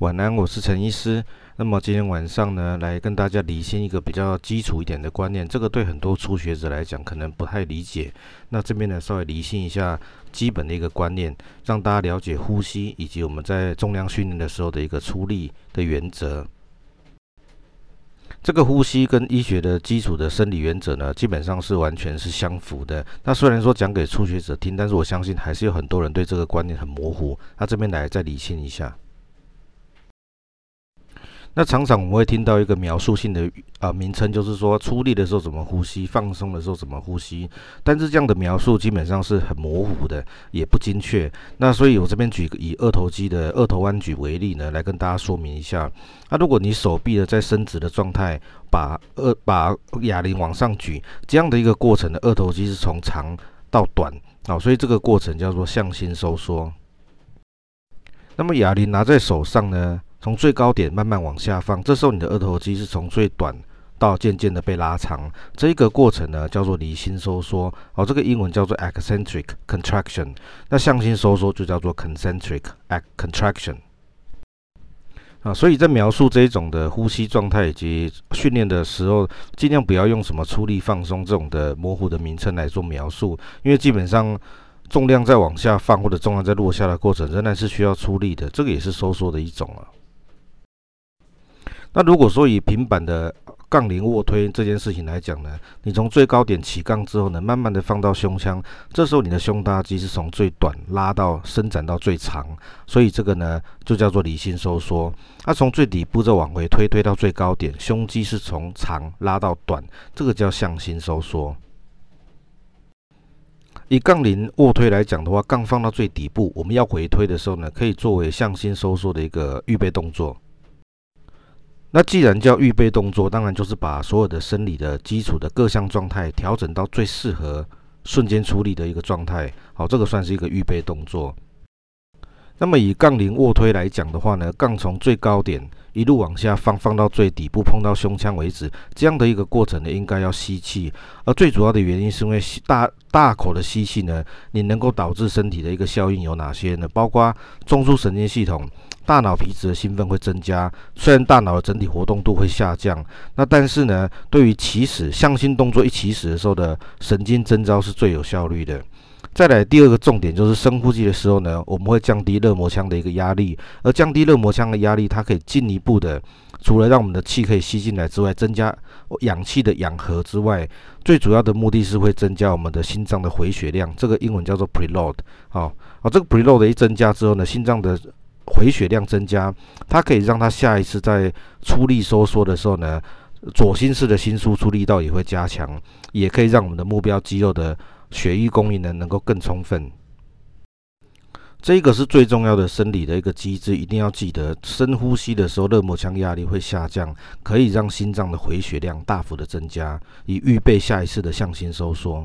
晚安，我是陳醫師。那麼今天晚上呢，來跟大家理清一個比較基礎一點的觀念。這個對很多初學者來講，可能不太理解。那這邊呢，稍微理清一下基本的一個觀念，讓大家了解呼吸以及我們在重量訓練的時候的一個出力的原則。這個呼吸跟醫學的基礎的生理原則呢，基本上是完全是相符的。那雖然說講給初學者聽，但是我相信還是有很多人對這個觀念很模糊。那這邊來再理清一下。那常常我們會聽到一個描述性的啊名稱，就是說出力的時候怎麼呼吸，放鬆的時候怎麼呼吸。但是這樣的描述基本上是很模糊的，也不精確。那所以我這邊舉以二頭肌的二頭彎舉為例呢，來跟大家說明一下。那如果你手臂呢，在伸直的狀態，把二把啞鈴往上舉，這樣的一個過程的二頭肌是從長到短啊，哦，所以這個過程叫做向心收縮。那麼啞鈴拿在手上呢，從最高點慢慢往下放，這時候你的二頭肌是從最短到漸漸的被拉長，這一個過程呢叫做離心收縮，哦，這個英文叫做 eccentric contraction。那向心收縮就叫做 concentric contraction。啊，所以在描述這一種的呼吸狀態以及訓練的時候，儘量不要用什麼出力、放鬆這種的模糊的名稱來做描述，因為基本上重量在往下放或者重量在落下的過程仍然是需要出力的，這個也是收縮的一種啊。那如果說以平板的槓鈴臥推這件事情來講呢，你從最高點起槓之後呢，慢慢的放到胸腔，這時候你的胸大肌是從最短拉到伸展到最長，所以這個呢就叫做離心收縮。那、啊、從最底部再往回推，推到最高點，胸肌是從長拉到短，這個叫向心收縮。以槓鈴臥推來講的話，槓放到最底部，我們要回推的時候呢，可以作為向心收縮的一個預備動作。那既然叫預備動作，當然就是把所有的生理的基礎的各項狀態調整到最適合瞬間處理的一個狀態。好，這個算是一個預備動作。那麼以槓鈴臥推來講的話呢，槓從最高點一路往下放，放到最底部碰到胸腔為止，這樣的一個過程呢，應該要吸氣。而最主要的原因是因為吸大大口的吸氣呢，你能夠導致身體的一個效應有哪些呢？包括中樞神經系統、大腦皮質的興奮會增加，雖然大腦的整體活動度會下降，那但是呢，對於起始向心動作一起始的時候的神經徵召是最有效率的。再來第二個重點就是深呼吸的時候呢，我們會降低肋膜腔的一個壓力，而降低肋膜腔的壓力，它可以進一步的，除了讓我們的氣可以吸進來之外，增加氧氣的氧合之外，最主要的目的是會增加我們的心臟的回血量，這個英文叫做 preload。好，啊，這個 preload 的一增加之後呢，心臟的回血量增加，它可以讓它下一次在出力收縮的時候呢，左心室的心輸出力道也會加強，也可以讓我們的目標肌肉的。血液供應呢能夠更充分，這個是最重要的生理的一個機制，一定要記得。深呼吸的時候，肋膜腔壓力會下降，可以讓心臟的回血量大幅的增加，以預備下一次的向心收縮。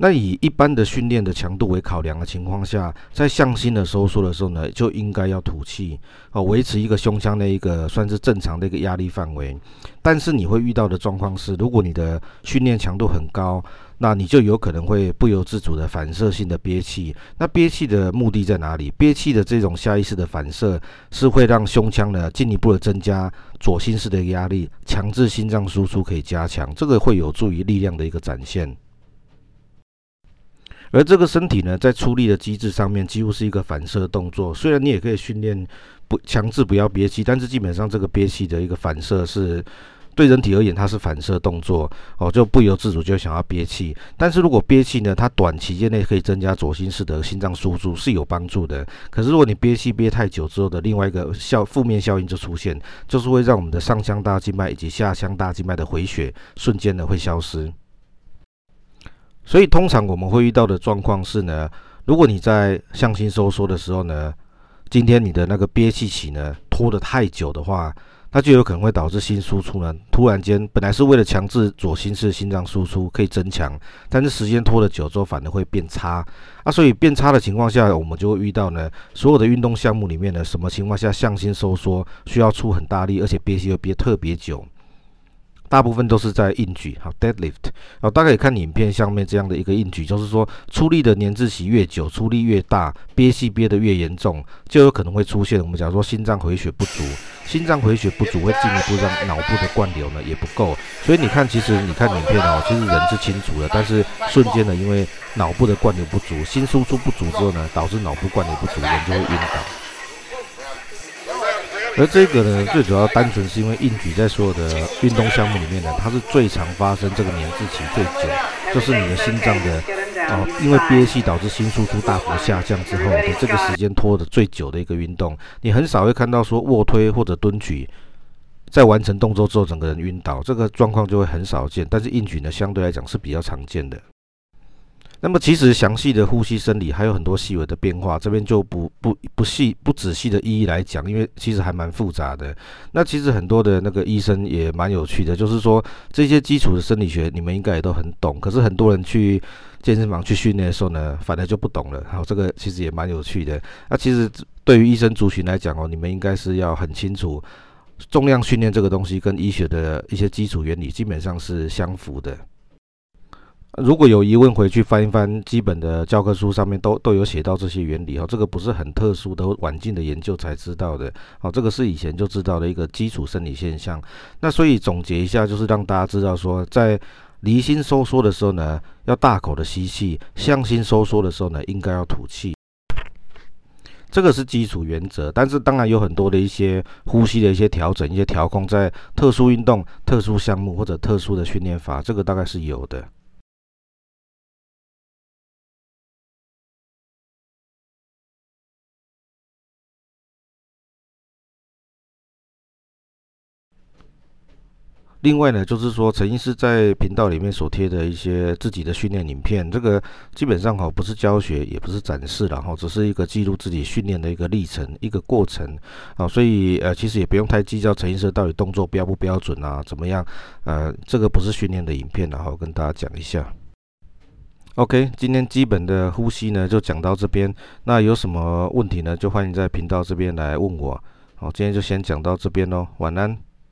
那以一般的訓練的強度為考量的情況下，在向心的收縮的時候呢，就應該要吐氣啊，維持一個胸腔的一個算是正常的一個壓力範圍。但是你會遇到的狀況是，如果你的訓練強度很高，那你就有可能會不由自主的反射性的憋氣，那憋氣的目的在哪裡？憋氣的這種下意識的反射是會讓胸腔呢進一步的增加左心室的壓力，強制心臟輸出可以加強，這個會有助於力量的一個展現。而這個身體呢在出力的機制上面幾乎是一個反射動作，雖然你也可以訓練不強制不要憋氣，但是基本上這個憋氣的一個反射是。對人體而言，它是反射動作哦，就不由自主就想要憋氣。但是如果憋氣呢，它短期間內可以增加左心室的心臟輸出是有幫助的。可是如果你憋氣憋太久之後的另外一個效負面效應就出現，就是會讓我們的上腔大靜脈以及下腔大靜脈的回血瞬間呢會消失。所以通常我們會遇到的狀況是呢，如果你在向心收縮的時候呢，今天你的那個憋氣起呢拖得太久的話。那就有可能會導致心輸出呢，突然間本來是為了強制左心室心臟輸出可以增強，但是時間拖得久，之後反而會變差。啊，所以變差的情況下，我們就會遇到呢，所有的運動項目裡面呢，什麼情況下向心收縮需要出很大力，而且憋氣又憋特別久。大部分都是在硬舉，好 deadlift，大家可以看影片下面這樣的一個硬舉，就是說出力的黏滯期越久，出力越大，憋氣憋得越嚴重，就有可能會出現我們講說心臟回血不足，心臟回血不足會進一步讓腦部的灌流呢，也不夠，所以你看，其實你看影片哦，其實人是清楚的，但是瞬間呢，因為腦部的灌流不足，心輸出不足之後呢，導致腦部灌流不足，人就會暈倒。而這個呢，最主要單純是因為硬舉在所有的運動項目裡面呢，它是最常發生這個黏滯期最久，就是你的心臟的哦，因為憋氣導致心輸出大幅下降之後的這個時間拖得最久的一個運動，你很少會看到說臥推或者蹲舉在完成動作之後整個人暈倒，這個狀況就會很少見。但是硬舉呢，相對來講是比較常見的。那麼，其實詳細的呼吸生理還有很多細微的變化，這邊就不不不細不仔細的一一來講，因為其實還蠻複雜的。那其實很多的那個醫生也蠻有趣的，就是說這些基礎的生理學你們應該也都很懂。可是很多人去健身房去訓練的時候呢，反而就不懂了。好，這個其實也蠻有趣的。那其實對於醫生族群來講哦，你們應該是要很清楚，重量訓練這個東西跟醫學的一些基礎原理基本上是相符的。如果有疑問，回去翻一翻基本的教科書，上面都都有寫到這些原理哦，這個不是很特殊的晚近的研究才知道的，啊，這個是以前就知道的一個基礎生理現象。那所以總結一下，就是讓大家知道說，在離心收縮的時候呢，要大口的吸氣；向心收縮的時候呢，應該要吐氣。這個是基礎原則，但是當然有很多的一些呼吸的一些調整、一些調控，在特殊運動、特殊項目或者特殊的訓練法，這個大概是有的。另外呢，就是說陳醫師在頻道裡面所貼的一些自己的訓練影片，這個基本上哈不是教學，也不是展示，然後只是一個記錄自己訓練的一個歷程、一個過程啊。所以呃，其實也不用太計較陳醫師到底動作標不標準啊，怎麼樣？呃，這個不是訓練的影片，然後跟大家講一下。OK，今天基本的呼吸呢就講到這邊，那有什麼問題呢，就歡迎在頻道這邊來問我。好，今天就先講到這邊嘍，晚安。